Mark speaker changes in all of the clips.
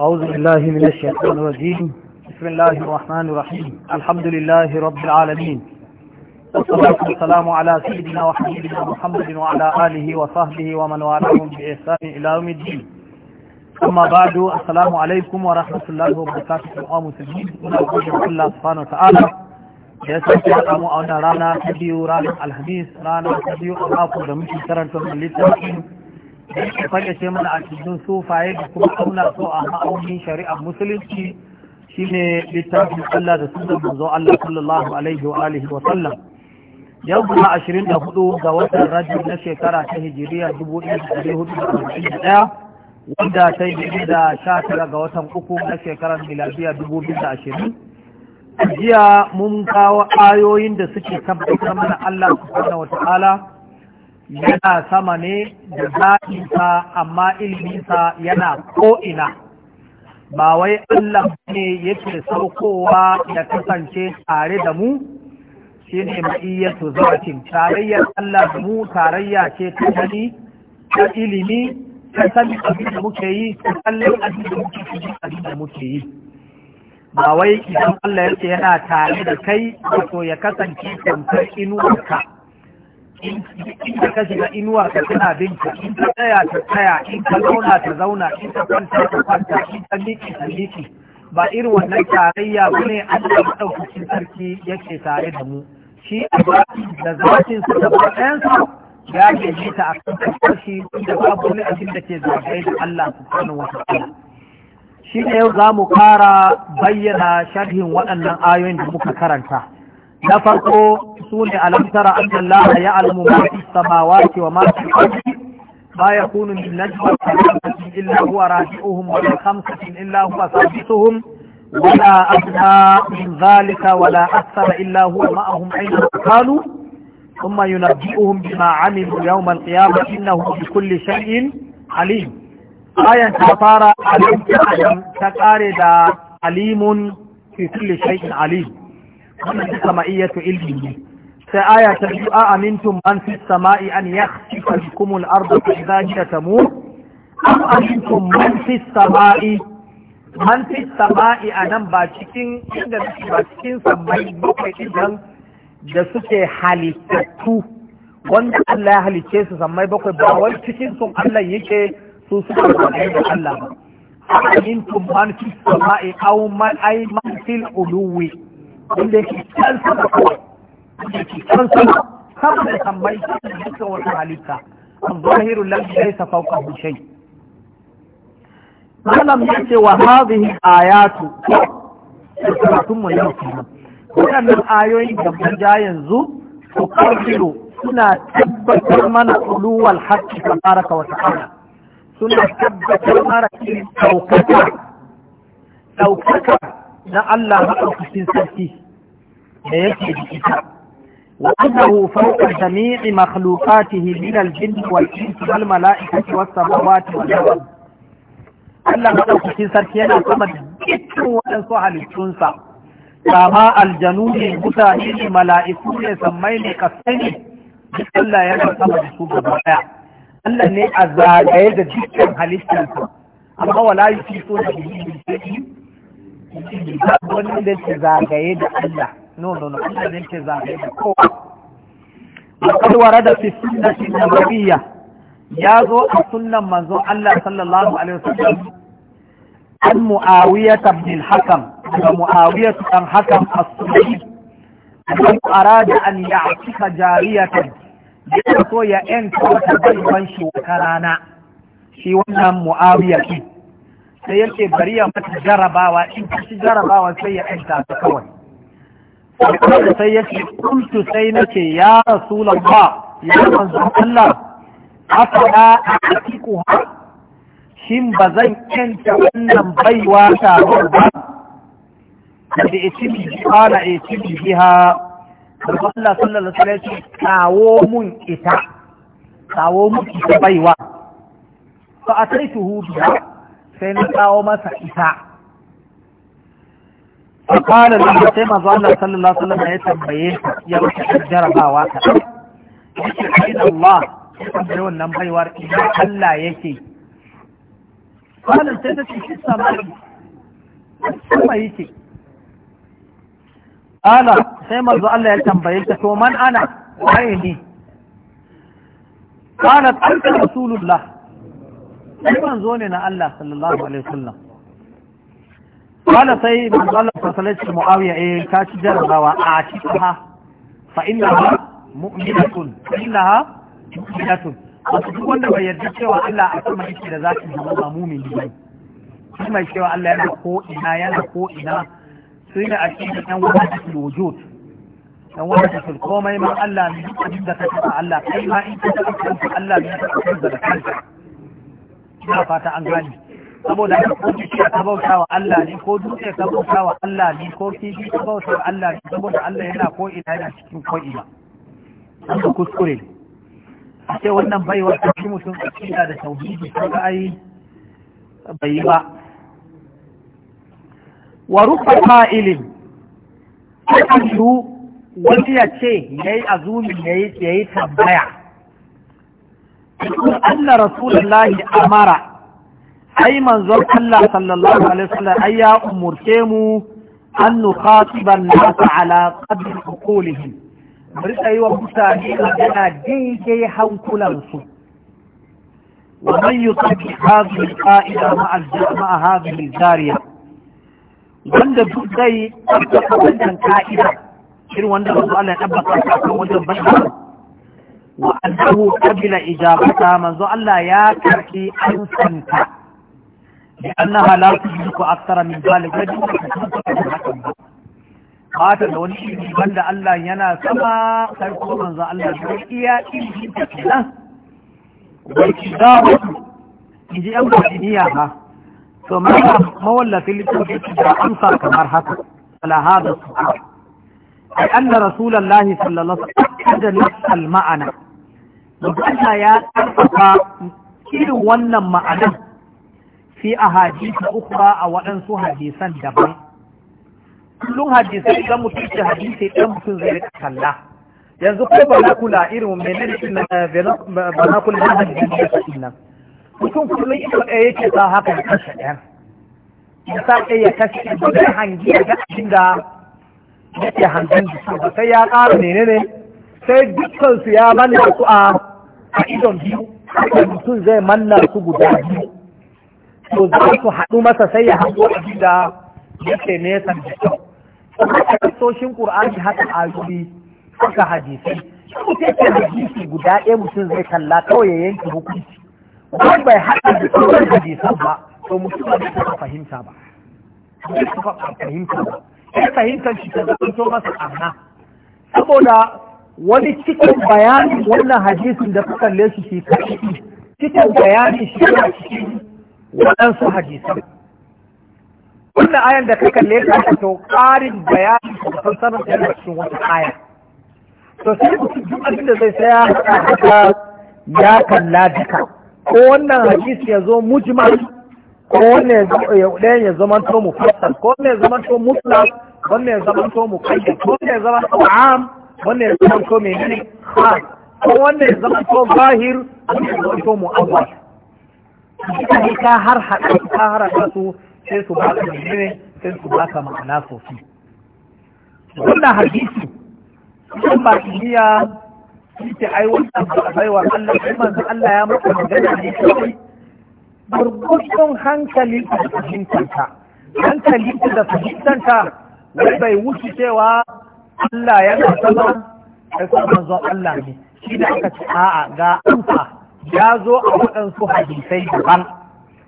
Speaker 1: أعوذ بالله من الشيطان الرجيم بسم الله الرحمن الرحيم الحمد لله رب العالمين والصلاة والسلام على سيدنا وحبيبنا محمد وعلى آله وصحبه ومن والاه بإحسان إلى يوم الدين أما بعد السلام عليكم ورحمة الله وبركاته جميعا مسلمين ونعوذ الله سبحانه وتعالى ya sake haɗa mu a wannan rana ta biyu ranar alhamis rana ta da ce mana a cikin sufaye da kuma auna so a ma'aunin shari'ar musulunci shine littafin Allah da sunan manzo Allah sallallahu alaihi wa alihi wa sallam yau kuma ashirin da hudu ga watan rajin na shekara ta hijiriya dubu ɗaya da ɗari hudu da arba'in da ɗaya wanda ta yi da sha tara ga watan uku na shekarar miladiya dubu biyu da ashirin jiya mun kawo ayoyin da suke tabbatar mana Allah subhanahu wa ta'ala yana sama ne da za'isa amma ilminsa yana ko'ina ba wai Allah ne yake saukowa ya kasance tare da mu shi ne ma'iyyatu zaɓin tarayyar Allah da mu tarayya ce ta gani ta ilimi ta sami abin da muke yi ta kallon abin da muke yi abin da muke yi ba wai idan Allah yake yana tare da kai wato ya kasance tamkar inuwarka in ka shiga inuwa ka tana binka in ka tsaya ta tsaya in ka zauna ta zauna in ka kwanta ta kwanta in ka miki ta miki ba irin wannan tarayya ba ne an da sarki yake tare da mu shi a da zafin su da ɗayansu, ya ke ji ta a kan kashi da babu ne abin da ke zagaye da Allah subhanahu wa ta'ala shi ne yau za mu kara bayyana sharhin waɗannan ayoyin da muka karanta na farko su ne alamtara an Allah ya alamu ma fi samawati wa ma fi ardi ma yakunu min najwa thalathatin illa huwa raji'uhum wa khamsatin illa huwa sabiquhum ولا أدنى من ذلك ولا أكثر إلا هو معهم أينما كانوا ثم ينبئهم بما عملوا يوم القيامة إنه بكل شيء عليم آية تطار عليم تقارد عليم في كل شيء عليم wannan duka ma'iyatu ilmi ne sai aya ta biyu a amintum man fi sama'i an yakhsifa bikum al-ardu fa idha hiya tamur am amintum man fi sama'i man fi sama'i anan ba cikin inda ba cikin sammai bakwai idan da suke halittattu wanda Allah ya halicce su sammai bakwai ba wai cikin sun Allah yake su suka kwaɗe da Allah ba. Amintum man fi sama'i aw man ay man fil uluwi wanda yake can sama kawai wanda yake can sama sama da sammai sama da dukkan wata halitta الظاهر الذي ليس فوقه شيء malam ya ce wa hadhihi ayatu karatun mu yau kenan Wannan ayoyin da mun ja yanzu to karfiru suna tabbatar mana uluwal haqqi tabaraka wa ta'ala suna tabbatar mana ɗaukaka Daukaka, na Allah maɗaukakin sarki da yake da ita وأنه فوق جميع مخلوقاته من الجن والإنس والملائكة والسماوات والأرض Allah maɗaukacin sarki yana sama da dukkan waɗansu halittunsa, kama aljanu ne mutane ne mala'iku ne sammai ne kasai ne, Allah yana da su Allah ne a zagaye da dukkan halittarsa, amma da zagaye da Allah. no no no Allah zai ce zagaye da kowa akwai warada fi sunnati nabawiyya ya zo a sunnan manzon Allah sallallahu alaihi wasallam an muawiya ibn al-hakam daga muawiya ibn hakam as-sulami an arada an ya'tika jariyatan ya so ya enta wata baiwan shi wata shi wannan muawiya din sai yake bari ya mata jarabawa in ta ci jarabawa sai ya enta ta kawai sai ya ce kuntu sai na ce ya rasulan ba ya manzan Allah aka da a hakiku ha shin ba zan kyanta wannan baiwa taron ba da ita bi kala ita bi biha Allah sallallahu alaihi wasallam kawo mun ita kawo mun ita baiwa fa ataituhu biha sai na kawo masa ita a kala da sai manzo Allah sallallahu alaihi wasallam ya tambaye ya wuce jarabawa ta yake aina Allah ya tambaye wannan baiwar ina Allah yake kala sai ta ce shi sama sama yake kala sai manzo Allah ya tambaye ta to man ana waye ni kala ta rasulullah sai manzo ne na Allah sallallahu alaihi wasallam قال سي من قال فصلت معاوية إيه كاش جربوا أعتقها فإنها مؤمنة فإنها مؤمنة wasu wanda bai yarda cewa Allah a sama yake da zaki zama ba mumin ne shi mai cewa Allah yana ko ina yana ko ina sai da aqidan yan wata fil wujud yan wata fil komai ma Allah ne duk da ka tafi Allah kai ma in ka tafi Allah ne ka tafi da kanka ina fata an gani saboda haka ko kishi ka bauta wa Allah ne ko dutse ka bauta wa Allah ne ko kifi ka bauta wa Allah ne saboda Allah yana ko ina yana cikin ko ina haka kuskure a ce wannan baiwa ta ci mutum a kira da tauhidi ko ga ai bai ba wa rufa fa'ilin kan su wani ya ce yayi azumi yayi yayi tambaya Allah Rasulullahi amara ai manzon Allah sallallahu alaihi wasallam ai ya umurce mu an nukhatiban nas ala qadri uqulihim bari sai wa mutane magana daidai hankulan su wa man yutabi hadhihi alqa'ida ma'a al-jama'a hadhihi al-jariya wanda duk zai tabbata wannan ka'ida irin wanda Allah ya tabbata kan wajen bashara wa annahu qabila ijabata manzo Allah ya karki ansanta لأنها لا تدرك أكثر من ذلك mata da wani shi banda Allah yana sama sai kuma manzo Allah ya iya ilmi da kenan wal kitabu idi an godiya ha to mata mawallafi littafi da amsa kamar haka ala hada su'al ay anna rasulullahi sallallahu alaihi wasallam da nafsal ma'ana Allah ya karfafa irin wannan ma'anar fi uku ba a waɗansu hadisan daban kullum hadisai idan mutum ce hadisai idan mutum zai rika kalla yanzu ko kula irin menene banakula na hadisi da sa'in nan mutum kullum ita ɗaya yake sa haka ya kashe ɗaya ya sa ɗaya ya kashe ɗaya da hangi ya ga abin da yake hangen jiki ba sai ya ƙara menene sai dukkan su ya manna su a idon biyu mutum zai manna su guda biyu to za su haɗu masa sai ya haɗu a gida yake nesa da kyau haka kasoshin ƙur'ani haka ayoyi haka hadisi shi ce ke hadisi guda ɗaya mutum zai kalla kawai ya yanke hukunci wani bai haɗa da kawai hadisan ba to mutum ba zai fahimta ba zai fahimta ba sai fahimtar shi ta to masa amma saboda wani cikin bayanin wannan hadisin da suka kalle shi shi kaɗi cikin bayanin shi cikin waɗansu hadisan wannan ayan da ka kalle ta fito ƙarin bayani da fassarar da yana cikin wata aya to sai mutum duk abin da zai saya haka ya kalla duka ko wannan hadisi ya zo mujmal ko wannan ya zama to mu fassar ko wannan ya zama to musla wannan ya zama to muqayyad ko wannan ya zama to am wannan ya zama to menene ha ko wannan ya zama to zahir wannan ya zama to mu'awwal duka ne ka har haɗa ka har haɗa su sai su ba ka mene sai su ba ka ma'ana sosai wannan hadisi sun ba kimiyya ce ai wannan ba baiwa Allah kuma manzo Allah ya maka magana ne kai gurgurdun hankali da fahimtanta hankali da fahimtanta wai bai wuce cewa Allah yana sama sai kuma manzo Allah ne shi da aka ce a'a ga amsa ya zo a waɗansu hadisai daban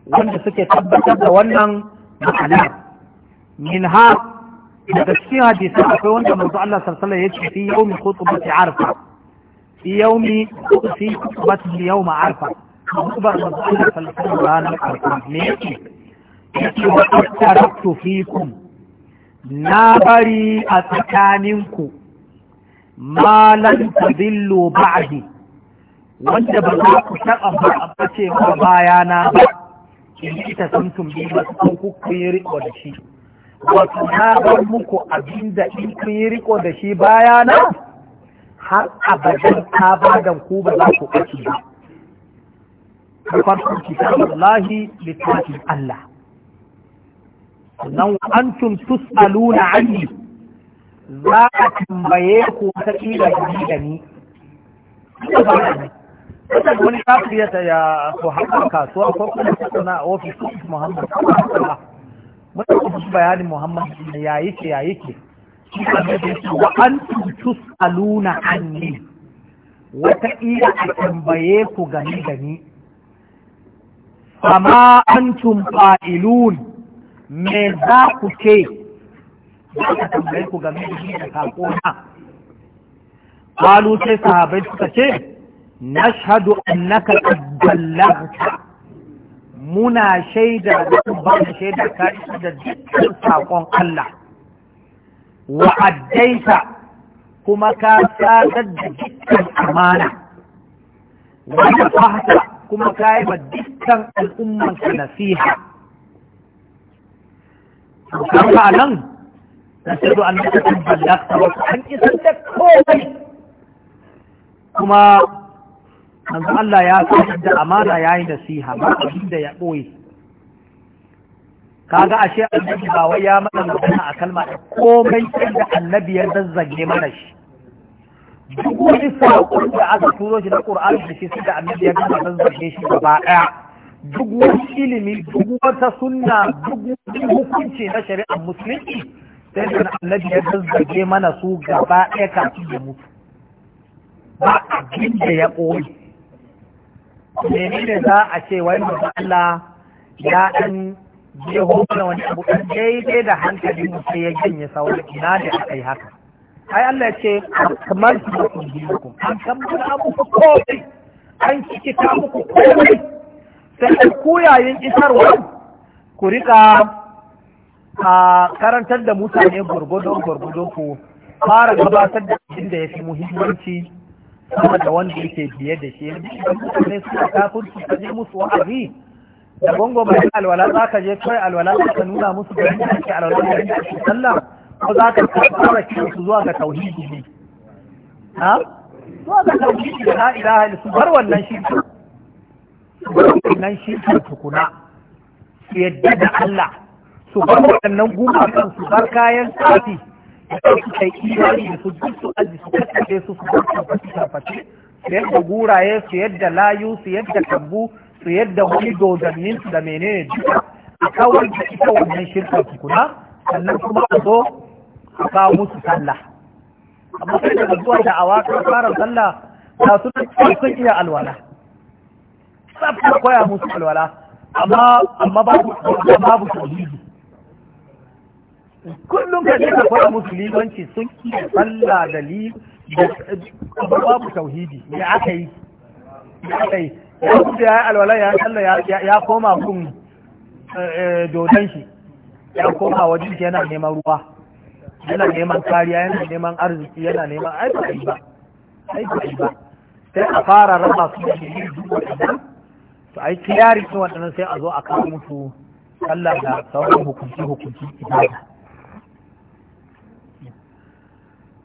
Speaker 1: wanda suke tabbatar da wannan ma'ana min ha daga cikin hadisai akwai wanda manzo Allah sallallahu alaihi wasallam yake fi yawmi khutbati arfa fi yawmi fi khutbati yawm arfa kubar manzo Allah sallallahu alaihi wasallam ranar arfa me yake yake wa taraktu fikum na bari a tsakaninku ma lan tadillu ba'di wanda ba za ku taɓa ba a bace ba bayana ba in ta san tumbi ba su kun yi riko da shi wato na bar muku abin da in kun yi riko da shi bayana har abadan da ku ba za ku ɓace ba da farkon kitabun lahi littafin Allah nan antum tus'aluna anni za a tambaye ku ta ƙila da ni wani kafin ya ya ko haɗa kasuwa ko kuma tattauna a ofis Muhammad mutum kuma bayanin Muhammad ya yake ya yake wa an tutus aluna anni wata iya a tambaye ku gani gani amma antum fa'ilun me za ku ce za ka tambaye ku gani da sako na Kalu sai sahabai suka ce, nashhadu annaka ballaghta muna shaida da ba da shaida ka isa da dukkan sakon Allah wa addaita kuma ka sadar da dukkan amana wa fahta kuma ka yi wa dukkan al'ummanka nasiha kuma a nan nasiru an da kan ballakta wasu an isa da komai kuma manzo Allah ya san da amana yi nasiha ba da ya Ka kaga ashe annabi ba wai ya mana magana a kalma da komai da annabi ya zazzage mana shi duk wani saƙon da aka turo shi na Qur'ani da shi suka annabi ya gama zazzage shi gaba ɗaya duk wani ilimi duk wata sunna duk wani hukunci na shari'ar musulunci sai da annabi ya zazzage mana su gaba ɗaya kafin ya mutu ba abin da ya ƙoyi menene za a ce wai manzo Allah ya ɗan je hukuna wani abu ɗan daidai da hankali mu sai ya janye sauran ina da aka yi haka ai Allah ya ce kamar su ku biyu an kammala muku komai an kikita muku kowai, sai ku yayin isarwa ku riƙa a karantar da mutane gurgudun gurgudun ku fara gabatar da abin da ya fi muhimmanci kuma da wanda yake biye da shi su ka kafirci ka je musu wa'azi da gongo mai alwala za ka je kai alwala za ka nuna musu da yi ake alwala da yadda ake sallah ko za ka fara su zuwa ga tauhidi ne ha zuwa ga tauhidi da la ilaha su bar wannan shi bar wannan shi tukuna su yadda da Allah su bar wannan gumakan su bar kayan tsafi da suka yi imani da su duk su aji su kakkace su su kakkace tafaci su yadda guraye su yadda layu su yadda tambu, su yadda wani dodannin su da menene duka a kawar da ita wannan shirka tukuna sannan kuma a zo a kawo musu sallah amma sai daga zuwa da awakar fara sallah ta su sun iya alwala tsaf koya musu alwala amma babu babu tauhidi kullum ka je ka fara musu limanci sun ki sallah da li da babu tauhidi me aka yi me aka yi ya kuma ya alwala ya sallah ya koma kun eh, eh, dodon shi ya koma wajen shi yana neman ruwa yana neman kariya yana neman arziki yana neman aiki ba aiki ba sai a fara raba su da shi duk waɗannan to ai kiyari sun waɗannan sai a zo a kawo musu sallah da sauran hukunci hukunci ibada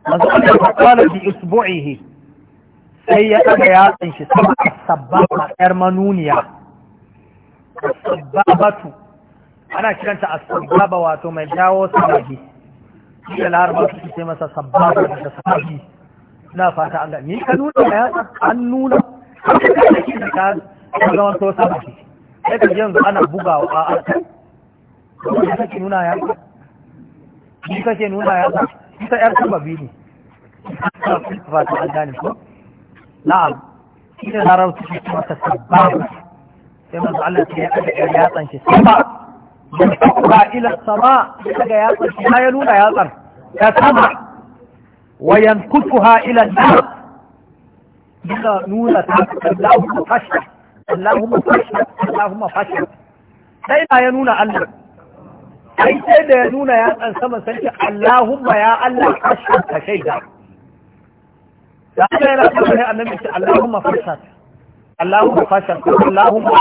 Speaker 1: masu Allah ta kala bi isbu'ihi sai ya daga ya shi sama a yar manuniya sababatu ana kiranta a sababa wato mai dawo sababi
Speaker 2: shi da larabar su
Speaker 1: ce masa sababa da sababi na fata an gani ka nuna ya yatsa an nuna ka zama so sababi sai ka yanzu ana bugawa a ƙasa. Kuma kake nuna yatsa? Ni kake nuna yatsa? انت يا رب بيدي فات عداني فوق نعم كده ضربت في السماء السبع كما زعلت يا ابي يا طن في السماء تقرا الى السماء تلقى يا طن ما يلون يا طن يا سبع وينكفها الى النار بلا نور اللهم فشل اللهم فشل اللهم فشل لا ينون علم ai sai da ya nuna ya tsan sama sai Allahumma ya Allah ashhad ka shaida da Allah yana cewa ne annabi ce Allahumma fashhad Allahumma fashhad Allahumma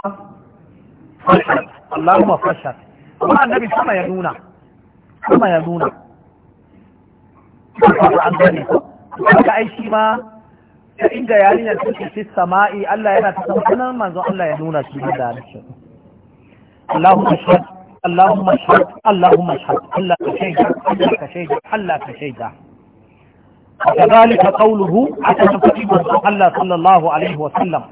Speaker 1: fashhad Allahumma fashhad kuma annabi sama ya nuna sama ya nuna an gane ka ai shi ma da inda yarinyar take fi sama'i Allah yana ta sanar manzon Allah ya nuna shi da shi Allahumma fashhad Allahumma shahad Allahumma shahad Allah ka shaida Allah ka shaida وكذلك قوله حتى صلى الله عليه وسلم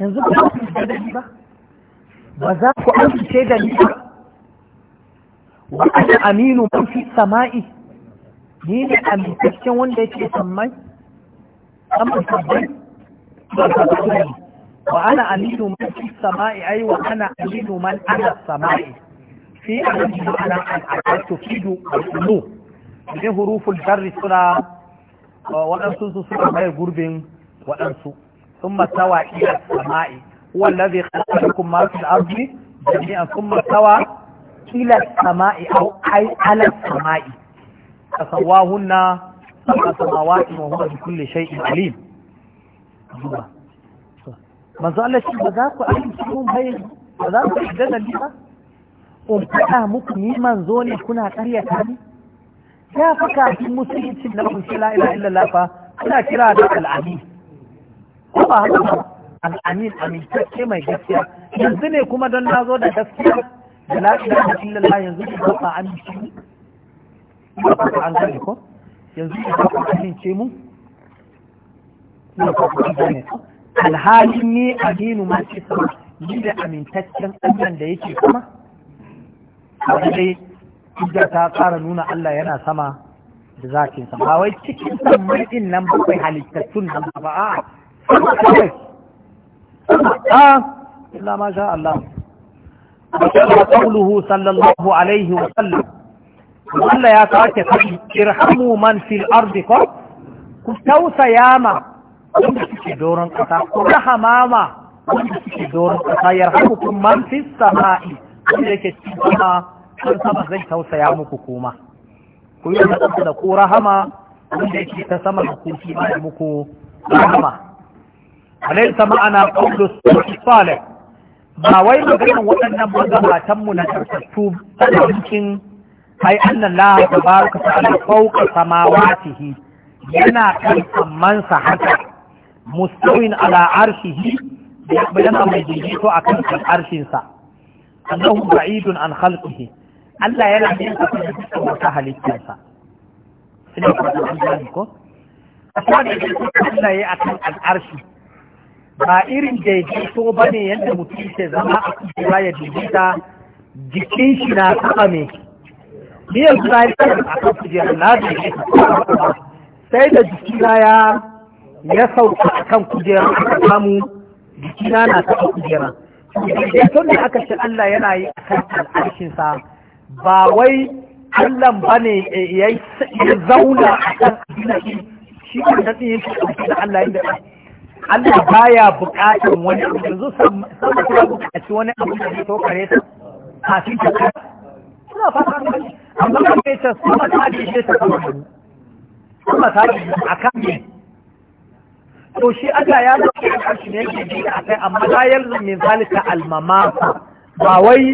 Speaker 1: yanzu ba za ku yarda da ni ba ba za ku amince da ni ba wa ana aminu man fi sama'i ni ne amintaccen wanda yake sammai amma sabbai ba da ni wa ana aminu man fi sama'i ai wa ana aminu man ala sama'i fi aminu ana an akatu fidu al-ulu ne suna gurbin waɗansu ثم سوى إلى السماء هو الذي خلق لكم ما في الأرض جميعا ثم سوى إلى السماء أو أي على السماء فسواهن سبع سماوات وهو بكل شيء عليم manzo Allah shi ba za ku amince mun bai ba za ku yarda da ni ba in faɗa muku ni manzo ne kuna ƙaryata ni ya fa kafin musulunci na kun la ilaha illallah fa ana kira da al'ami ko ba haka ba al'amin amintacce mai gaskiya yanzu ne kuma don nazo zo da gaskiya da la ilaha illallah yanzu ku ba amince
Speaker 2: ba ku an gane
Speaker 1: ko yanzu ku ba amince mu na ku ba alhalin ni aminu ma ce sama ni da amintaccen Allah da yake sama wanda dai hujja ta ƙara nuna Allah yana sama da zakin sa ba wai cikin sammai din nan ba kai halittattun nan ba a a ah, illa ma sha Allah wa qawluhu sallallahu alaihi wa sallam Allah ya sake faɗi irhamu man fil ardi ku tausaya ma suke doron ƙasa ko na hamama wanda suke doron ƙasa yar hakukun man fi sama'i wanda yake cikin sama kan sama zai tausaya muku kuma ku yi da da ku rahama wanda yake ta sama da ku shi ma muku rahama ana ma'ana qawlu salih ba wai maganin waɗannan magabatan mu na tarkatu tana cikin ai annan la tabaraka samawa ta samawatihi yana kan amansa haka mustawin ala arshihi yana mai daidaito a kan arshinsa annahu ba'idun an khalqihi Allah yana yin abin da suka wata halittarsa ina fata an gane ko kuma da yake Allah ya akan al'arshi ba irin daidaito ba bane yadda mutum ke zama a kusa ya daidaita jikin shi na sama mai ni yanzu na yi a kan kujerar na daidaita sai da jikina ya ya sauka a kan kujera aka samu jikina na taɓa kujera tun da aka ce Allah yana yi a kan al'arshinsa ba wai Allah ba ne ya zauna a kan abinaki shi kan tatsin yake ɗauki da Allah yadda Allah baya buƙatar wani abu yanzu samun kuma buƙaci wani abu da zai tokare ta kafin ta kai suna fata amma kan bai ta suna ta ake ta kawai sama ta ake a kan ne to shi Allah ya zama da kashi ne yake ji a kai amma la yalzum min zalika almama ba wai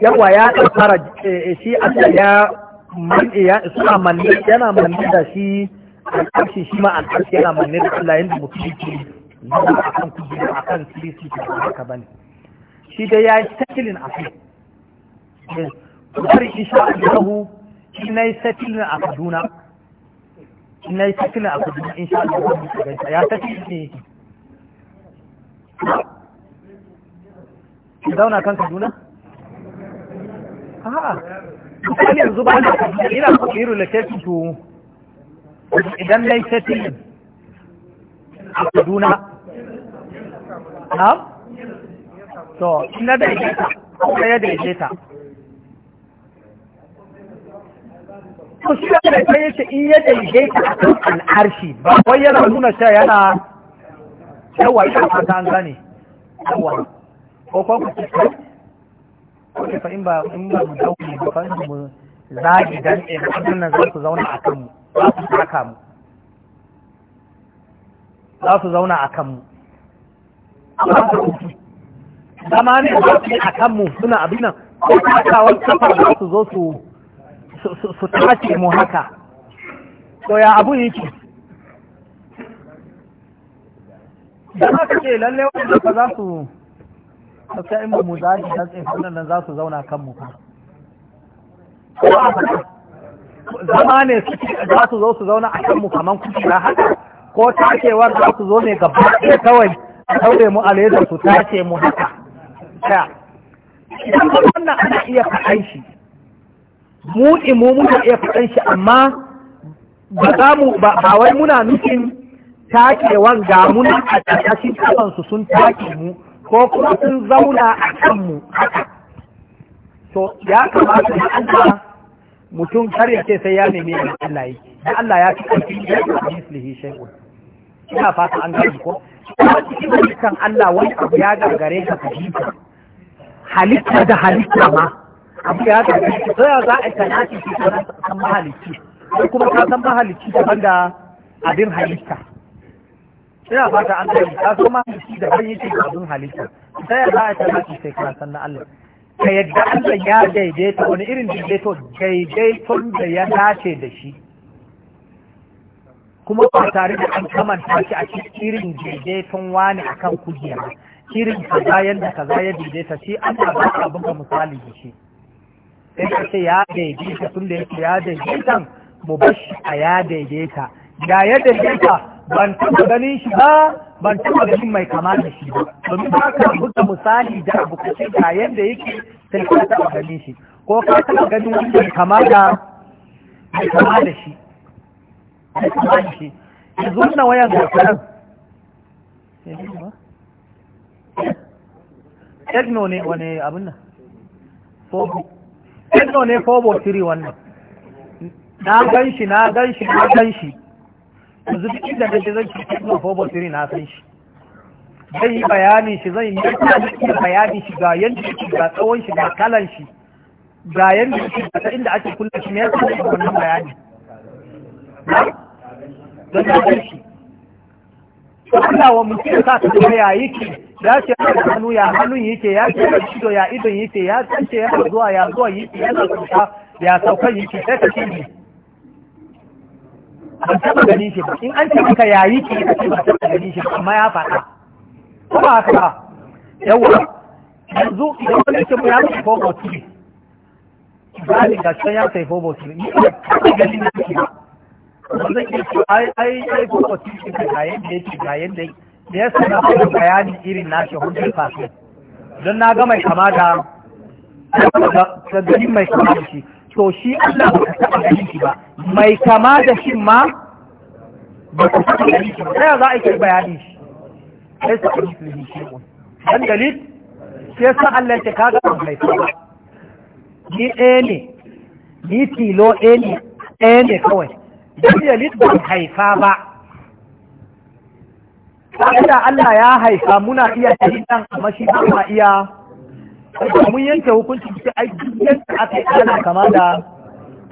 Speaker 1: yawa ya tsara eh, shi Allah ya manne ya suna manne yana manne da shi alƙarshi shi ma alƙarshi yana manne da Allah yanda mutum yake zuwa akan kujera akan kirisi ta haka bane shi dai ya yi sakilin a kai kuma eh, insha Allah shi na yi sakilin a Kaduna in na yi sakila a kudu in sha Allah zan mutu gaisa. ya sakila ne ki zauna kan Kaduna a'a misali yanzu ba na Kaduna ina ku yi relocation to idan na yi sakila a Kaduna na? to ina da ita ko ya da ita
Speaker 2: to shi da kai
Speaker 1: yace in ya daidai ka akan al'arshi ba wai yana nuna cewa yana yawa ita ka ta gane yawa ko ko ku ci ko fa in ba in ba mu dauki ba fa mu zagi dan in nan za ku zauna a kanmu za ku saka mu za su zauna a kanmu zama ne za su yi a kanmu suna abin nan ko kawo kafar za su zo su su tace mu haka to ya abu yake da aka ce lalle wanda ba za su gaskiya in ba mu zaji dan tsinsunan nan za su zauna kan mu fa zama ne za su zo su zauna a kan mu kaman na haka ko takewar za su zo ne gaba ɗaya kawai a taure mu a ledar su tace mu haka idan ba wannan ana iya kaɗan shi mu imu muna iya faɗan shi amma ba za mu ba wai muna nufin takewan ga muna a ƙarƙashin sun take mu ko kuma sun zauna a kanmu haka to ya kamata da Allah mutum har ya ce sai ya nemi ya Allah yi da Allah ya fi ƙarfi da mislihi shay'un ina fata an gani ko kuma cikin kan Allah wani abu ya gagare ka fahimta halitta da halitta ma abu ya ta to ya za a ka nace shi ko san mahalicci
Speaker 2: ko kuma ka san
Speaker 1: mahalicci daban da abin halitta ina fata an kai ka so mahalicci da ban yi da abin halitta ta ya za a ka nace sai ka san na Allah ka yadda Allah ya daidaita wani irin daidaito daidaiton da ya dace da shi kuma ba tare da an kamanta shi a cikin irin daidaiton wani akan kujera irin kaza yadda kaza ya daidaita shi an ba abin ka misali da shi in ka ce ya daidaita tun da yake ya daidaita mu shi a ya daidaita da ya daidaita ban taɓa ganin shi ba ban taɓa ganin mai kama da shi ba domin ba ka buga misali da abu ka ce ga yadda yake sai ka taɓa ganin shi ko ka taɓa ganin wani mai kama da mai kama da shi mai kama da shi yanzu na wayan zakaran Tekno ne wani abin nan? Fobi. ɗanɗo ne kobo tiri wannan na gan shi na gan shi na gan shi yanzu duk inda da zan ci ɗanɗo kobo tiri na san shi zai yi bayani shi zai yi iya bayani shi ga yanda shi ga tsawon shi ga kalan shi ga yanda shi ga ta inda ake kulle shi ne ya shi wannan bayani don na gan shi Allah wa mutum sa ta yi yake ya ce da hannu ya hannun yake ya ce da ido ya idon yake ya tsace ya zuwa ya zuwa yake ya sauka ya sauka yake sai ka ce an taɓa gani shi ba in an ce maka ya yi ki ka ce ba taɓa gani shi ba amma ya faɗa ko haka ba yawa yanzu idan wani ce ya mutu ko ba su zalin ga can ya sai ko ba su ni ba taɓa gani ne shi ba ba zan iya ce ai ai ai ko ba su ga yanda yake ga yanda yake da ya sana kuma bayanin irin nashi hundred fasi don na ga mai kama da sadari mai kama da shi to shi Allah ba ka taɓa ganin shi ba mai kama da shi ma ba ka taba ganin shi ba ta za a yi bayanin shi sai su ɗan shi shi dan dalil sai sa Allah ta kaga mai kama ni ɗaya ne ni tilo ɗaya ne ne kawai dan dalil ban haifa ba
Speaker 2: da Allah ya haifa
Speaker 1: muna iya shahidan amma shi ba ma iya mun yanke hukunci shi ai yadda aka yi ana kama da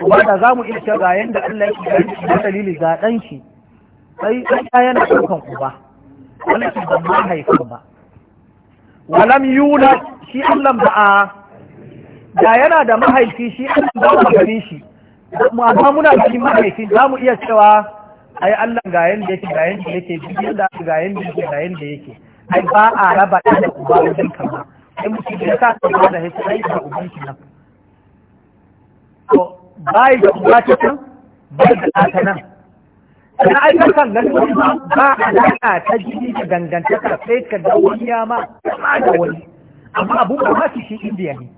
Speaker 1: uba da za mu iya ga yadda Allah ya shiga da dalili ga dan shi sai ɗan yana ɗaukan uba wani shi ban ma haifa ba walam yuna shi Allah ba a da yana da mahaifi shi Allah ba mu gani shi amma muna cikin mahaifi za mu iya cewa ai Allah ga yanda yake ga yanda yake duk da ga yanda yake ga yanda yake ai ba a raba da da uba wajen kama ai mutum da ka ta da haifi ai ba uban ki nan to bai da uba ta nan bai da ta nan na aikakan nan ba alaƙa ta jini da dangantaka sai ka da wani ya ma ba da wani amma abu ba ma shi indiya ne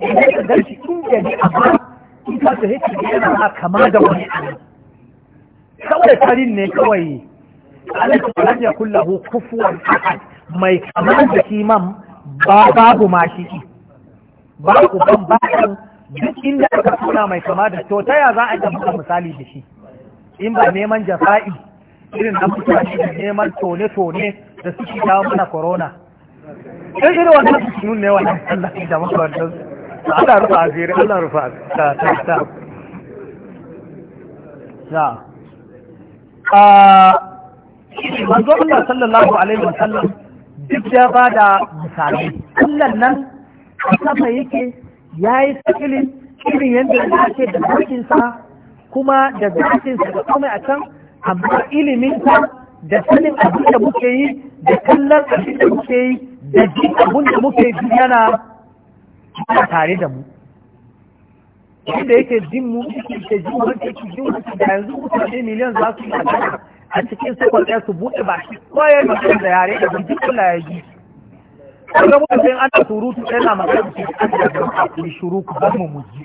Speaker 1: ina ka gan shi indiya ne amma in ka ta hita yana ma kama da wani abu. kawai tarin ne kawai alaihi lam yakul kulla hukufuwan ahad mai kama da shi man babu ma shi ku ban ba kan duk inda aka tuna mai kama da to ta ya za a tabbata misali da shi in ba neman jafa'i irin na mutane da neman tone-tone da suke kawo mana corona. Ɗan irin wannan sun ne wannan Allah da makarantarsu. Allah rufa asiri Allah rufa ta ta ta na manzo Allah sallallahu alaihi wasallam duk ya ba da misali Allah nan a sama yake yayi sakilin irin yadda ya ce da zakinsa kuma da zakinsa da kuma a can amma iliminsa da sanin abin da muke yi da kallon abin da muke yi da jin abin da muke yi yana yana tare da mu da yake jin mu ke jin wanda yake jin mu da yanzu mutane miliyan za su yi a cikin sakon ɗaya su buɗe ba shi koyar mutum da yare da bin kula ya ji kaga mutum sai ta surutu sai na magana su an da da kuma shuru ku ba mu muji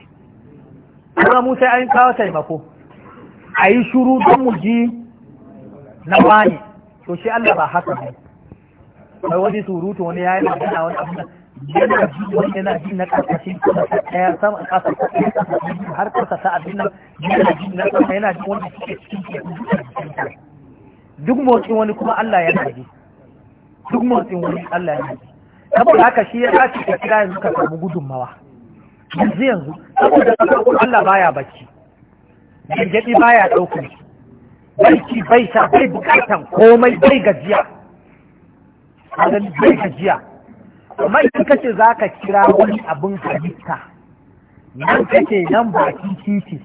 Speaker 1: kuma mu sai an kawo taimako a yi shuru don mu ji na wani to shi Allah ba haka ne kai wani surutu wani yayi magana wani abu yana ji wani yana ji na ƙarƙashin kuma ta ɗaya sama ƙasa ta har ƙasa ta abin nan yana ji na sama yana ji wanda suke cikin ke duk motsin wani kuma Allah ya ji duk motsin wani Allah yana ji saboda haka shi ya dace ka kira yanzu ka samu gudunmawa yanzu yanzu saboda Allah baya bacci jangadi baya ɗaukar shi bai ci bai sha bai bukatan komai bai gajiya bai gajiya amma idan kace za ka kira wani abin halitta nan kace nan bakin titi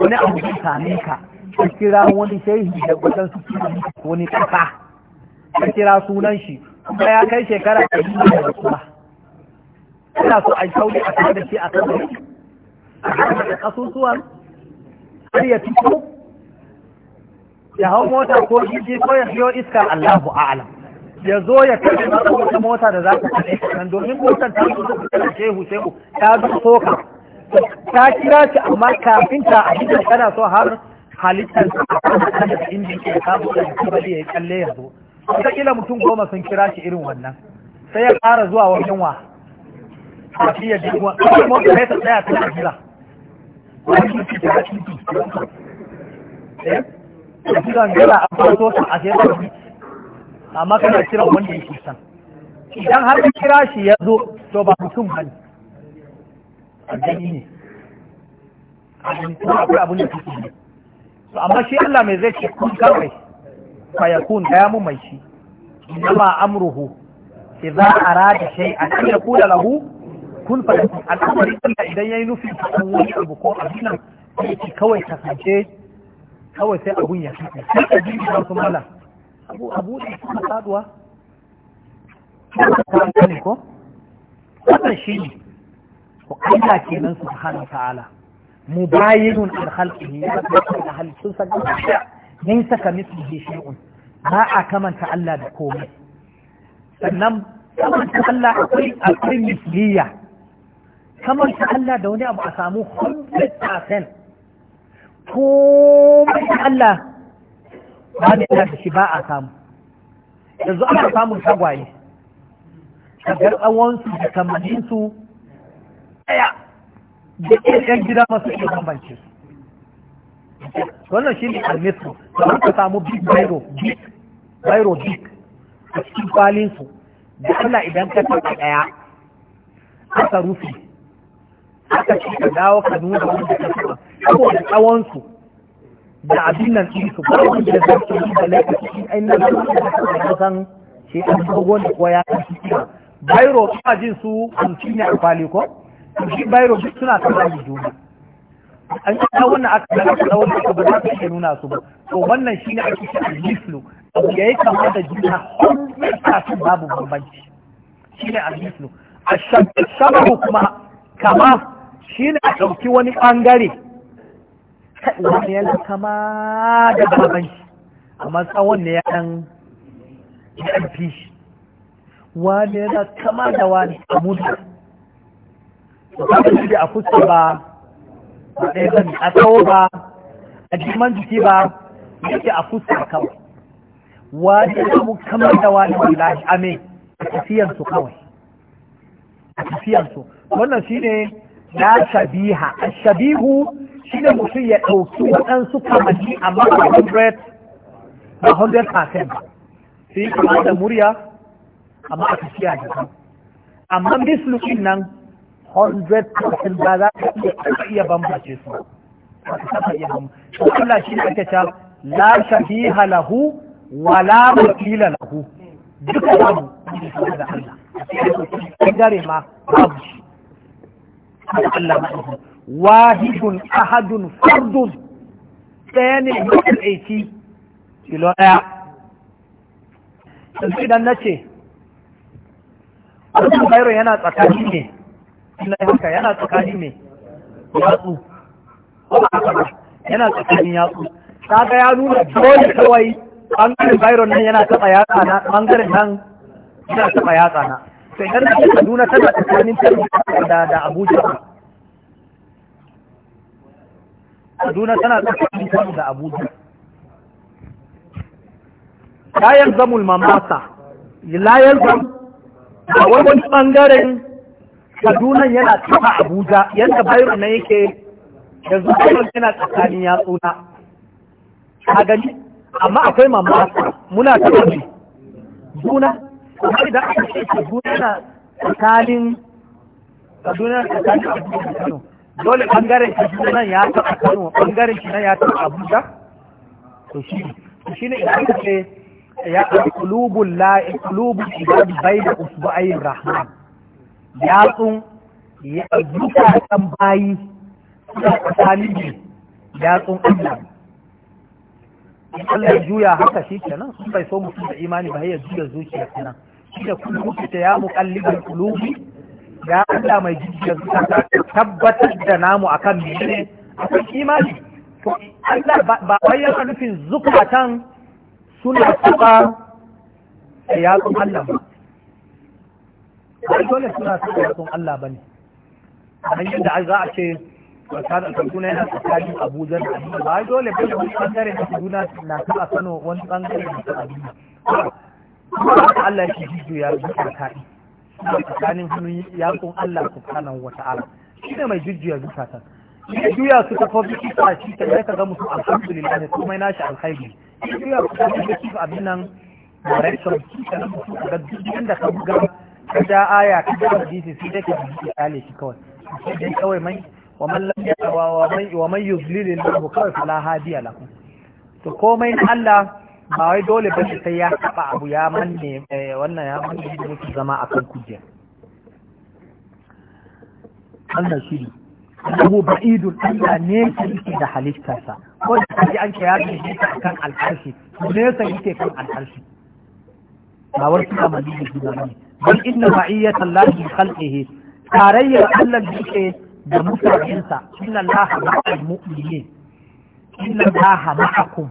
Speaker 1: wani abu da same ka ka kira wani shehi da gudan su wani kasa ka kira sunan shi kuma ya kai shekara da yi da rasuwa ina so a kauli a kan da shi a kan a kan da kasusuwan har ya fito ya hau mota ko jirgi ko ya fiyo iskar Allahu a'lam ya zo ya kashe maka wata mota da za ka kane nan domin motar ta zo ta ke Hussein ta zo soka ta kira shi amma kafin ta a cikin kana so har halittar ta da inda ke samu da kibali ya kalle ya zo wataƙila mutum goma sun kira shi irin wannan sai ya ƙara zuwa wajen wa tafi ya ji ruwa kuma mota ta tsaya eh?
Speaker 2: ta ta
Speaker 1: amma kana kira wanda yake san idan har ka kira shi ya zo to ba mutum ba ne A gani ne akwai abin da kake ne to amma shi Allah mai zai ce kun kawai fa yakun da mu mai shi inma amruhu za a shai a kan yaku da lahu kun fa al'amari Allah idan yayi nufi kan wani abu ko abin nan kawai kasance kawai sai abun ya kasance sai ka ji da su mala abu abu da suna faduwa ne ko wannan shi ne ko Allah kenan subhanahu ta'ala mubayinun an khalqihi ya da halittun sa yin saka mislihi shay'un ba a kamanta Allah da komai sannan kamanta Allah akwai akwai misliya kamanta Allah da wani abu a samu 100% komai Allah ba da ina da shi ba a samu yanzu ana samun tagwaye kagar tsawonsu da kamanninsu ɗaya da ƙirƙen gida masu iya bambance su wannan shi ne almetro da ka samu big biro big biro big a cikin kwalinsu da ana idan ka taɓa ɗaya aka rufe aka ce ka dawo ka nuna wanda ka taɓa saboda tsawonsu da abin nan ɗin su ba wani da zai yi da laifin ai na da kusan shi an dogon da ya kan shi bairo suna jin su hamsin ne a kwali ko shi bairo duk suna kama da juna an yi ta wannan aka da aka tsawon da ba za su ta nuna su ba to wannan shi ne ake shi a jislu abu ya yi kama da juna hundred kafin babu bambanci shi ne a jislu a shabahu kuma kama shi ne a ɗauki wani ɓangare wani yana kama da baban shi amma tsawon ne ya ɗan ƙarfi shi wani yana kama da wani a mutu babu shi a fuska ba a ɗaya zan a tsawo ba a jiman jiki ba yake a fuska kawai wani ya mu kama da wani wallahi ame a tafiyansu kawai a tafiyansu wannan shine na shabiha a shabihu shi ne mutum ya ɗauki waɗansu a amma ba 100 ba 100% ba su yi kama da murya amma a tafiya da su amma mislukin nan 100% ba za ka iya iya bambace su ba ka taɓa iya bambace Allah shi ne ake ta la shafi lahu wa la mutila lahu duka babu da Allah a cikin ma babu shi Allah wahidun ahadun fardun ɗaya ne aiki kilo ɗaya yanzu idan na ce abin bayro yana tsakani ne ina haka yana tsakani ne yatsu yana tsakanin yatsu kaga ya nuna dole kawai bangaren bayro nan yana taɓa yatsa na bangaren nan yana taɓa yatsa na sai idan na ce kaduna tana tsakanin da abuja kaduna tana tsakanin kano da abuja Kayan zamul al-mamasa la a wani ɓangaren
Speaker 2: kaduna yana taba
Speaker 1: abuja yadda bayro na yake yanzu bayro yana tsakanin yatsuna a gani amma akwai mamasa muna taba ne juna kuma idan aka ce kaduna yana tsakanin kaduna tsakanin abuja da kano dole bangaren shi nan ya taɓa Kano bangaren shi nan ya taɓa Abuja to shi shi ne idan ka ce ya qulubul la qulubul ibad bayna usba'ayir rahman ya tsun ya duka kan bayi suna tsakanin ne ya tsun Allah in Allah ya juya haka shi nan sun bai so mutum da imani ba ya juya zuciya nan shi da kuma ta ya muqallibul qulubi ya Allah mai jikin tabbatar da namu akan mene akan imani to Allah ba wai yana nufin zukatan suna tuba da yatsun Allah ba dole suna tuba yatsun Allah ba ne kamar yadda za a ce wata da kaduna yana tsakanin abuja da abuja ba dole ba wani bangare ta kaduna na ta a kano wani bangare da ta abuja Allah ya shi jijiyo ya zuwa ta'i suna tsakanin hannun yakun Allah subhanahu wa ta'ala shi ne mai jujjuya zukatan ya juya su ta fafi ta shi ta ya ga musu alhamdulillah su mai nashi alkhairi ya juya su ta fafi su abin nan direction shi ta musu ga duk da ka buga ka ja aya ka ja hadisi sai ta ke ji kale shi kawai sai dai kawai mai wa man lam yawa wa man yuzlil lahu kawai fala hadiya lahu to komai na Allah ba wai dole ba sai ya taba abu ya manne eh, wannan ya manne da yake zama a kan kujya Allah shiri Abu Ba'idun Allah ne yake da halittarsa ko da kaji an kira shi kan alƙarshi ne yake kan alƙarshi ba wai suka mali da ba ne bal inna ba'iyata Allah bi khalqihi tarayya Allah da yake da mutanensa inna Allah ma'al mu'minin inna Allah ma'akum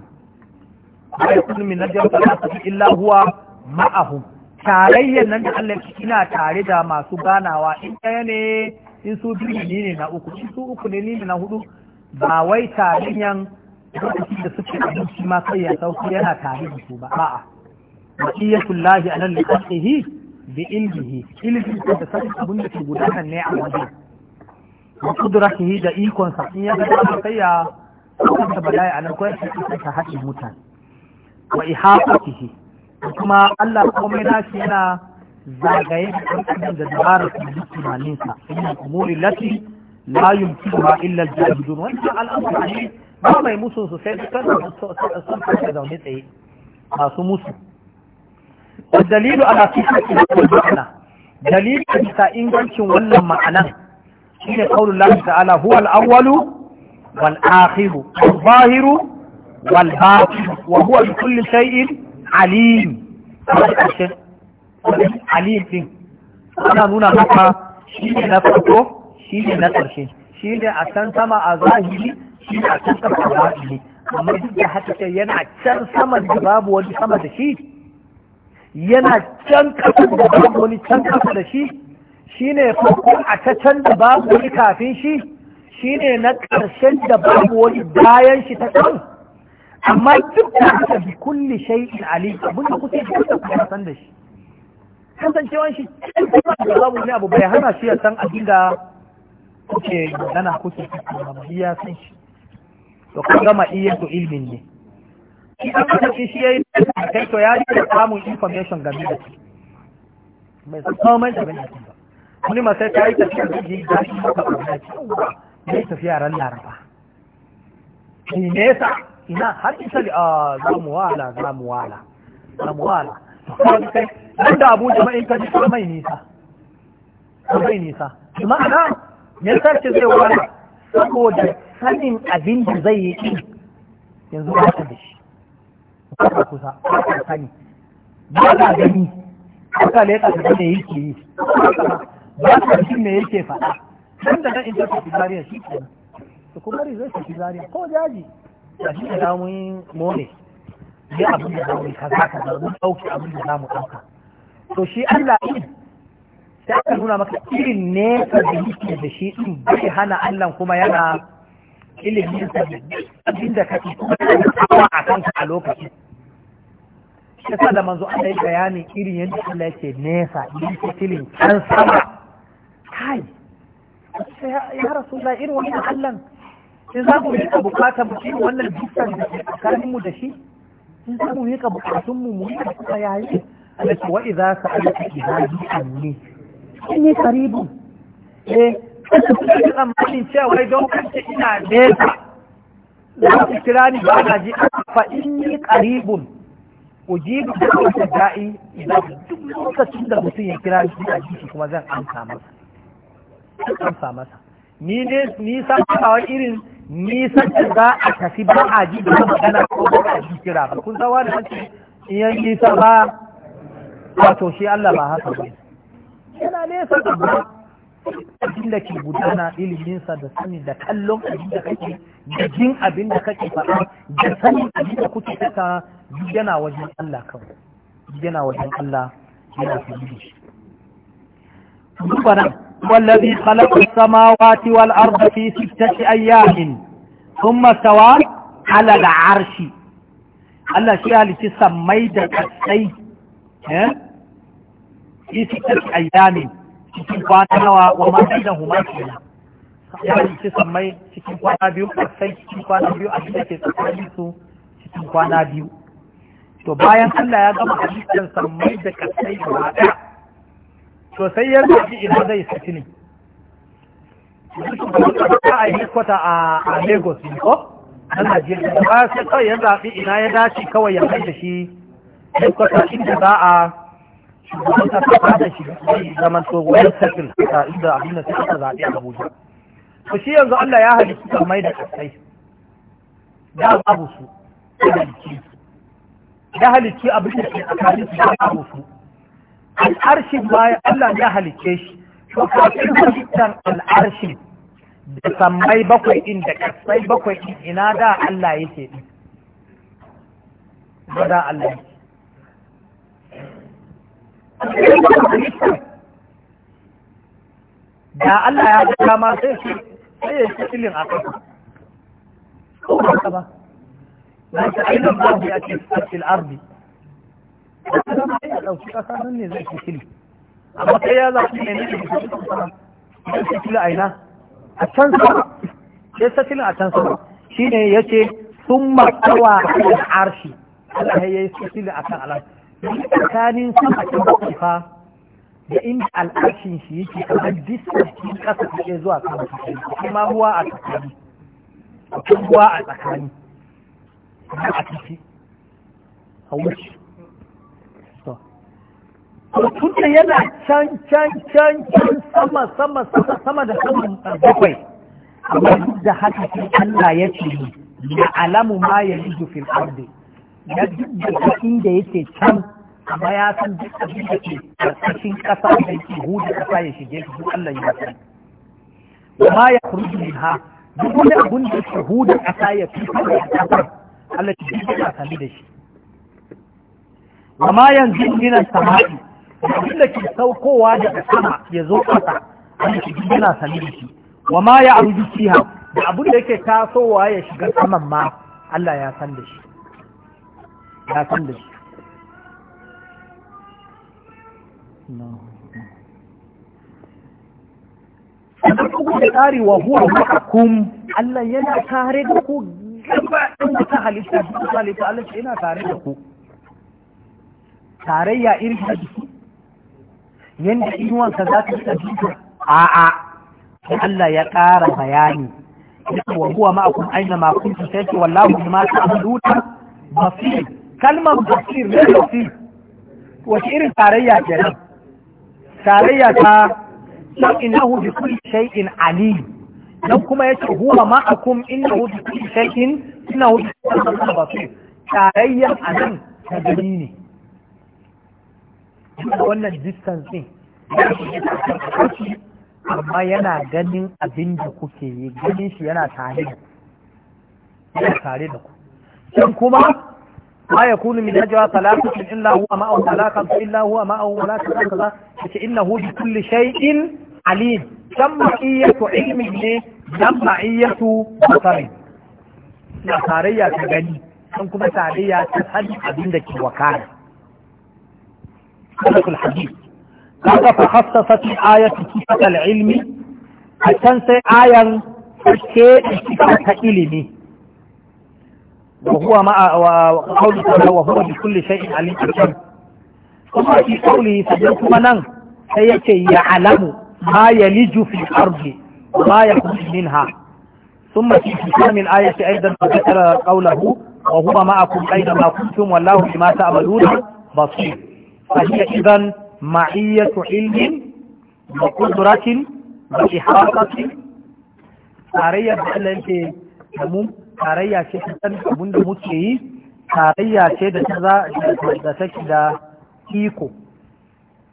Speaker 1: ba ya kulmi na jarka za su illa huwa ma'ahum tarayyar nan da Allah ina tare da masu ganawa in ɗaya ne in su biyu ni ne na uku in su uku ne ne na hudu ba wai tarayyan lokacin da suke abinci ma kai ya sauki yana tare da su ba a'a anan alal liqatihi bi ilmihi ilmi da sanin abin da ke gudana ne a wajen wa qudratihi da ikon sa in ya ga sai ya kanta bala'i anan ko ya ta haɗin mutane wa ihaqatihi kuma Allah komai nashi yana zagaye da ɗan adam da dabarar da duk tunaninsa inna umuri lati la yumkinuha illa al-jahidun wannan al'amura ne ba mai musu su sai kan sun fara zaune tsaye masu musu dalilu والدليل على صحة المعنى دليل bisa ingancin wannan ma'anan shine qaulullah ta'ala huwa al-awwalu wal akhiru wal zahiru والباطل وهو بكل شيء عليم عليم din ana nuna maka shi ne na farko shi ne na ƙarshe shi ne a can sama a zahiri shi ne a can sama a zahiri amma duk da haka ce yana can sama da babu wani sama da shi yana can ƙasa da babu wani can ƙasa da shi shi ne farko a ta can da babu wani kafin shi shi ne na ƙarshen da babu wani bayan shi ta can amma duk da haka bi kulli shay'in ali mun da kuke da kuma san da shi cewa shi Allah babu ne abu bai hana shi ya san abinda kuke magana kuke kuma ya san shi to kun gama iya to ilmin ne shi an kasa shi shi yayi kai to ya yi samun information game da shi bai san komai da bane ba wani ma sai ta yi tafiya da shi da shi ba ne tafiya ran laraba ne sa ina har isa a ah, zamuwala zamuwala zamuwala nan da abuja ma in ka ji mai nisa mai nisa Kuma ana ne sarki zai wala saboda sanin abin da zai yi yanzu ba ta da shi ba ta kusa ka sani ba ta gani ba ta leka da ne yake yi ba ta shi me yake faɗa tun da nan in ta fi zariya shi kenan to kuma rizai ta zariya ko jaji a shi da mun more ya abin da zamu kaza kaza mun dauke abin da mu ɗauka. to shi Allah din sai aka nuna maka irin nesa ka da yake da shi din bai hana Allah kuma yana ilimin sa abin da kake kuma yana a kanka a lokacin shi yasa da manzo Allah ya bayani irin yadda Allah yake nesa yake tilin can sama kai sai ya rasu da irin wannan Allah in za mu rika mu shi wannan dukkan da ke tsakanin mu da shi in za mu rika bukatun mu mu rika kuka yayi alaka wa idza sa'alaka ibadi anni inni qaribun eh kuma ku yi tsammanin cewa wai don kace ina nesa za ku kira ni ba na ji fa inni qaribun ujibu da'wata da'i idan duk lokacin da mutum ya kira shi a jiki kuma zan amsa masa amsa masa ni ne ni sa irin nisan da za a tafi ba a ji da magana ko ba a ji kira ba kun san wani hanci in yan nisa ba wato shi Allah ba haka ba yana nesa da ba abin da ke gudana iliminsa da sani da kallon abin da kake da jin abin da kake faɗa da sani abin da kuke saka yana wajen Allah kawai yana wajen Allah yana fi duba nan هو الذي خلق السماوات والأرض في ستة أيام ثم استوى على العرش Allah shi halitti sammai da kasai fi sitar ayyami cikin kwana nawa wa matan da huma kenan ya halitti sammai cikin kwana biyu kasai cikin kwana biyu a cikin ke tsakanin su cikin kwana biyu to bayan Allah ya gama halittar sammai da to sai ya zaɓi idan zai saki ne ta a yi kwata a lagos ne ko na najeriya da ba sai kawai ya zaɓi ina ya dace kawai ya kai da shi ya kwata inda za a shugaban ta ba da shi zai zaman to wani a inda abin da suka zaɓi a abuja to shi yanzu allah ya halittu kan mai da kasai Ya babu su da halittu abin da ke tsakanin su ya babu su al'arshin bayan Allah ya halicce shi to kafin halittar al'arshin da sammai bakwai ɗin da kasai bakwai ɗin ina da Allah yake ɗin ba da Allah yake da Allah ya ga ma sai shi sai ya shi filin a kai ko ba ba na ta ainihin ba ya ce fil ardi kuma sai a ɗauki ƙasa nan ne zai fi kili amma kai ya zaɓi ne ne da fi kili zai kili a ina a can sama sai satilin a can sama shi ne ya ce sun matsawa a kan arshi Allah ya yi satilin a kan alam tsakanin sama ta bakwai fa da inda al'arshin shi yake kamar diskarci ƙasa take zuwa kan kuma ruwa a tsakani akwai ruwa a tsakani a ciki a wuce tun da yana can can can can sama sama sama sama da sama bakwai amma duk da haka sai Allah ya ce ya alamu ma ya yi fil ardi ya duk da da yake can amma ya san duk abin da ke karkashin kasa da yake hudu kasa ya shige shi duk Allah ya san ma ya kurji minha duk wani abun da ke hudu kasa ya fi kasa Allah ya san da shi wa ma yanzu minan sama'i da ke saukowa daga sama ya zo ƙasa wanda shi yana sani da shi wa ma ya aruji fiha da abin da yake tasowa ya shiga saman ma Allah ya san da shi ya san da shi sannan kuma da tsari wa huwa ma'akum Allah yana tare da ku gaba ɗin ta halitta duk halitta Allah yana tare da ku tarayya irin da jiki yanda inuwanka za ta rika duka a'a Ya Allah ya ƙara bayani wa huwa ma'akum aina ma kuntum sai ce wallahu bima ta'maluna basir kalmar basir ne basir wace irin tarayya ke nan tarayya ta shan innahu bi kulli shay'in alim nan kuma yace huwa ma'akum innahu bi kulli shay'in innahu bi kulli shay'in basir tarayya anan ta gani ne duk wannan distance din ya shi amma yana ganin abin da kuke yi ganin shi yana tare da yana tare da ku dan kuma ma yakunu min najwa salatatin illa huwa ma'ahu su illa huwa ma'ahu wala kaza yace innahu bi kulli shay'in alim dan ma'iyatu ilmi ne dan a basari na tarayya ta gani dan kuma tarayya ta sani abin da ke wakana salaful hadith kaga fa khassasat ayatu sifat al-ilmi a can sai ayan ilimi وهو مع وقوله وهو بكل شيء عليم
Speaker 2: kuma fi kauli sannan kuma nan
Speaker 1: sai yake ya alamu ma ya liju fi ardi ma ya kuci da ثم في ختام الآية أيضا ذكر قوله وهو معكم أينما كنتم والله بما تعملون بصير فهي إذا معية علم وقدرة وإحاطة tarayya da أنت تموم da mu من ce ta san muke yi ya ce da ta da take da iko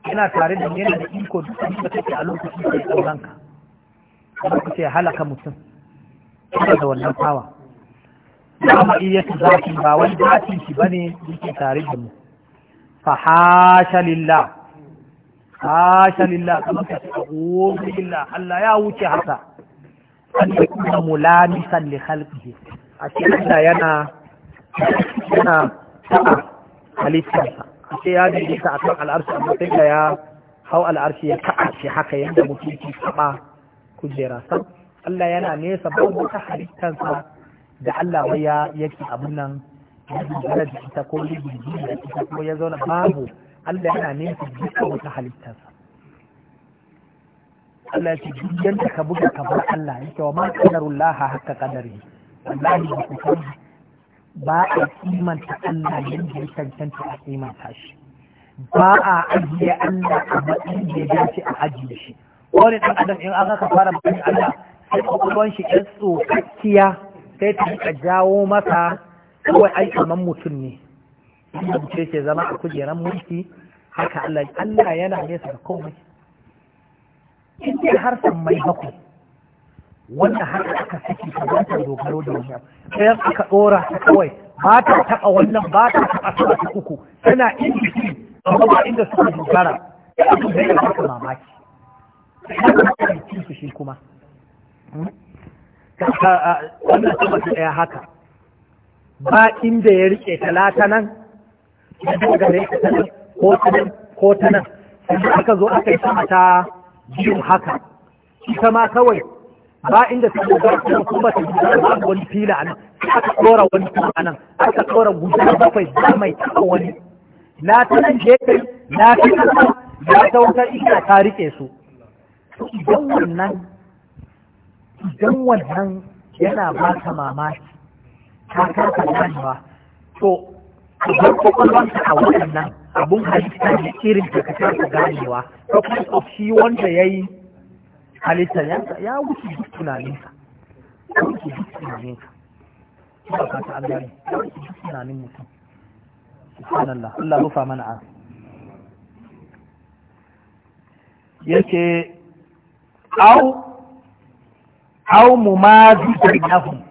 Speaker 1: yana tare da yana da iko duk abin da take a lokacin da ya sauran ka kuma ku ce halaka mutum kuma da wannan fawa ba za zafi ba wani zafin shi bane yake tare da mu fa hasha lillah hasha lillah kamar ka ce a'udhu billah Allah ya wuce haka an yakuna mulamisan li khalqihi a ce Allah yana yana ta'a halittarsa a ce ya daidaita a kan al'arshi amma sai ka ya hau al'arshi ya ta'a shi haka yadda mutum ke taɓa kujera san Allah yana nesa ba wata halittarsa da Allah ya yake abin nan gara da ita ko ya da ita ko ya zauna babu Allah yana nesa duka wata halittarsa Allah ya ce duk da ka buga ka bar Allah ce wa ma laha haka qadari wallahi ba ku san ba a kimanta Allah yanda ya cancanta a kimanta shi ba a ajiye Allah a matsayin da ya dace a ajiye shi wani ɗan adam in an aka fara bayan Allah sai kwakwalwan shi ɗan tsokakkiya sai ta jawo masa kawai ai kaman mutum ne inda ce ke zama a kujeran mulki haka Allah Allah yana nesa da komai in dai har san mai haku, wanda har aka saki ka ba ta dogaro da wani abu sai aka dora ta kawai ba ta taba wannan ba ta taba sama ta uku tana inda shi ba inda suka dogara abin da ya baka mamaki haka shi kuma hmm? wannan sama ta daya haka ba inda ya rike talata nan gare ta nan ko ta nan ko ta nan sai aka zo aka yi sama ta biyun haka ita ma kawai ba inda ta dogara kuma kuma ta dogara ba wani fila nan aka tsora wani fila nan aka tsora guda bakwai ba mai taɓa wani na ta nan gefe na ta nan na ta wata ita ta rike su idan wannan idan wannan yana ba ta mamaki ta karka ganewa to idan kwakwalwanka a waɗannan abun halitta ne irin da ka karka ganewa to kai of shi wanda ya yi halitta ya wuce duk tunaninka ya wuce duk tunaninka ba ka ta an gane ya wuce duk tunanin mutum subhanallah Allah rufa mana an yake au au mu ma zuwa nahum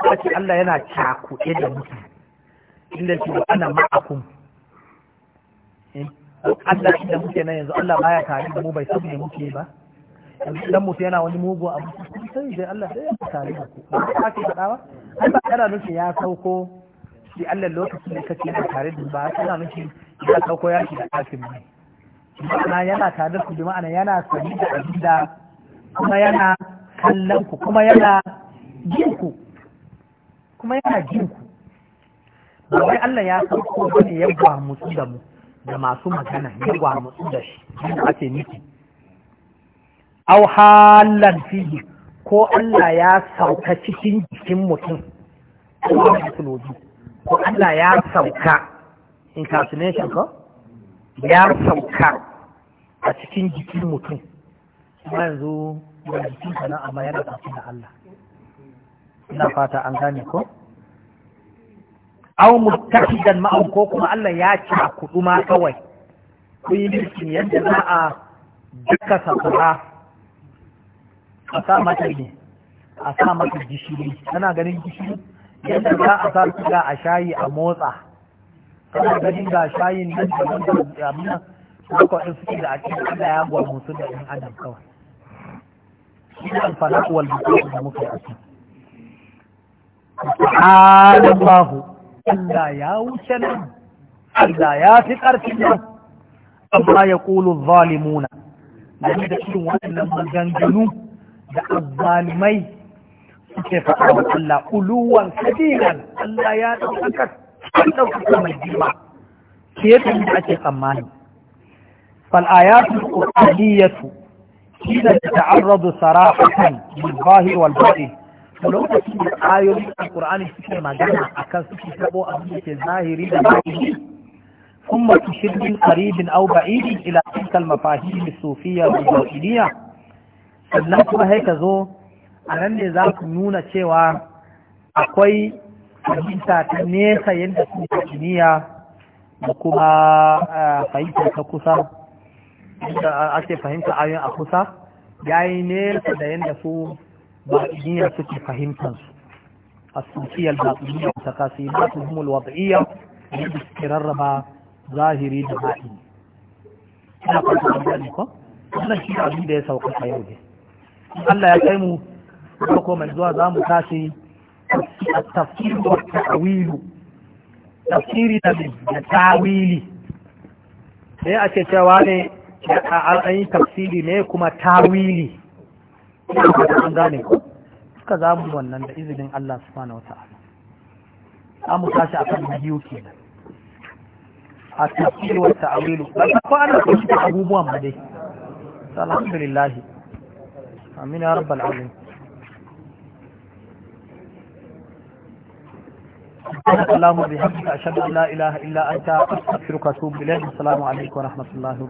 Speaker 1: kuma ce Allah yana cakuɗe da mutane inda ce ana ma'akun eh, Allah da muke nan yanzu Allah baya tare da mu bai sabu da muke ba yanzu idan mutum yana wani mugu abu kuma sai dai Allah sai ya tare da ku ba ka ke faɗa ba ai ba kana nufin ya sauko shi Allah lokacin da kake yana tare da ba kana nufin ya sauko ya shiga ɗakin ne ma'ana yana tare da ku bi ma'ana yana sani da abinda kuma yana kallon ku kuma yana jin ku kuma yana jin ku ba wai Allah ya san ko bane ya da mu da masu magana ya mutu da shi yana ake nufi au halan fihi ko Allah ya sauka cikin jikin mutum ko Allah ya sauka incarnation ko ya sauka a cikin jikin mutum yanzu da jikin sana'a amma yana tafi da Allah ina fata an gane ko aw muttahidan ma'an ko kuma Allah ya ci a kudu ma kawai ku yi mulki yadda za a duka sakura a sa mata ne a sa mata gishiri kana ganin gishiri
Speaker 2: yadda za a sa
Speaker 1: suga a shayi a motsa kana ganin ga shayin nan da wanda amina ko in suke da ake Allah ya gwamu su da ɗan adam kawai shi ne alfanaku wal da muka yi a cikin subhanallahu Allah ya wuce nan Allah ya fi ƙarfi nan amma ya ƙulu zalimuna game da irin waɗannan maganganu da azzalimai suke faɗa wa Allah uluwan kabilan Allah ya ɗaukaka an ɗaukaka mai jima ke da ake tsammani فالآيات القرآنية حين تتعرض صراحة للظاهر والباطن to lokacin da ayoyin alkur'ani suke magana a kan suke sabo a da ke zahiri da baɗini ثم تشد من قريب او بعيد الى تلك sofiya da والباطنيه sannan kuma sai zo a nan ne za ku nuna cewa akwai fahimta ta nesa yadda su duniya da kuma fahimta ta kusa ake fahimta ayoyin a kusa yayi yi nesa da yadda su ba'idiyya suke fahimtar su as-sufiyya al-ba'idiyya ta kasimatuhum al-wad'iyya da suke rarraba zahiri da ba'ini ina fata da ko wannan shi abin da ya sauka a yau ne Allah ya kai mu ko mai zuwa za mu tashi التفسير والتأويل tafsiri ce ne an yi tafsiri ne kuma tawili an gane duka za mu wannan da izinin Allah subhanahu wa ta'ala za mu tashi a kan biyu kenan a tafiyar wa ta'awilu ba ta fa ana ko abubuwan ba dai alhamdulillah amin ya rabbal alamin سبحانك اللهم وبحمدك أشهد أن لا إله إلا أنت أستغفرك وأتوب إليك السلام عليكم ورحمة الله وبركاته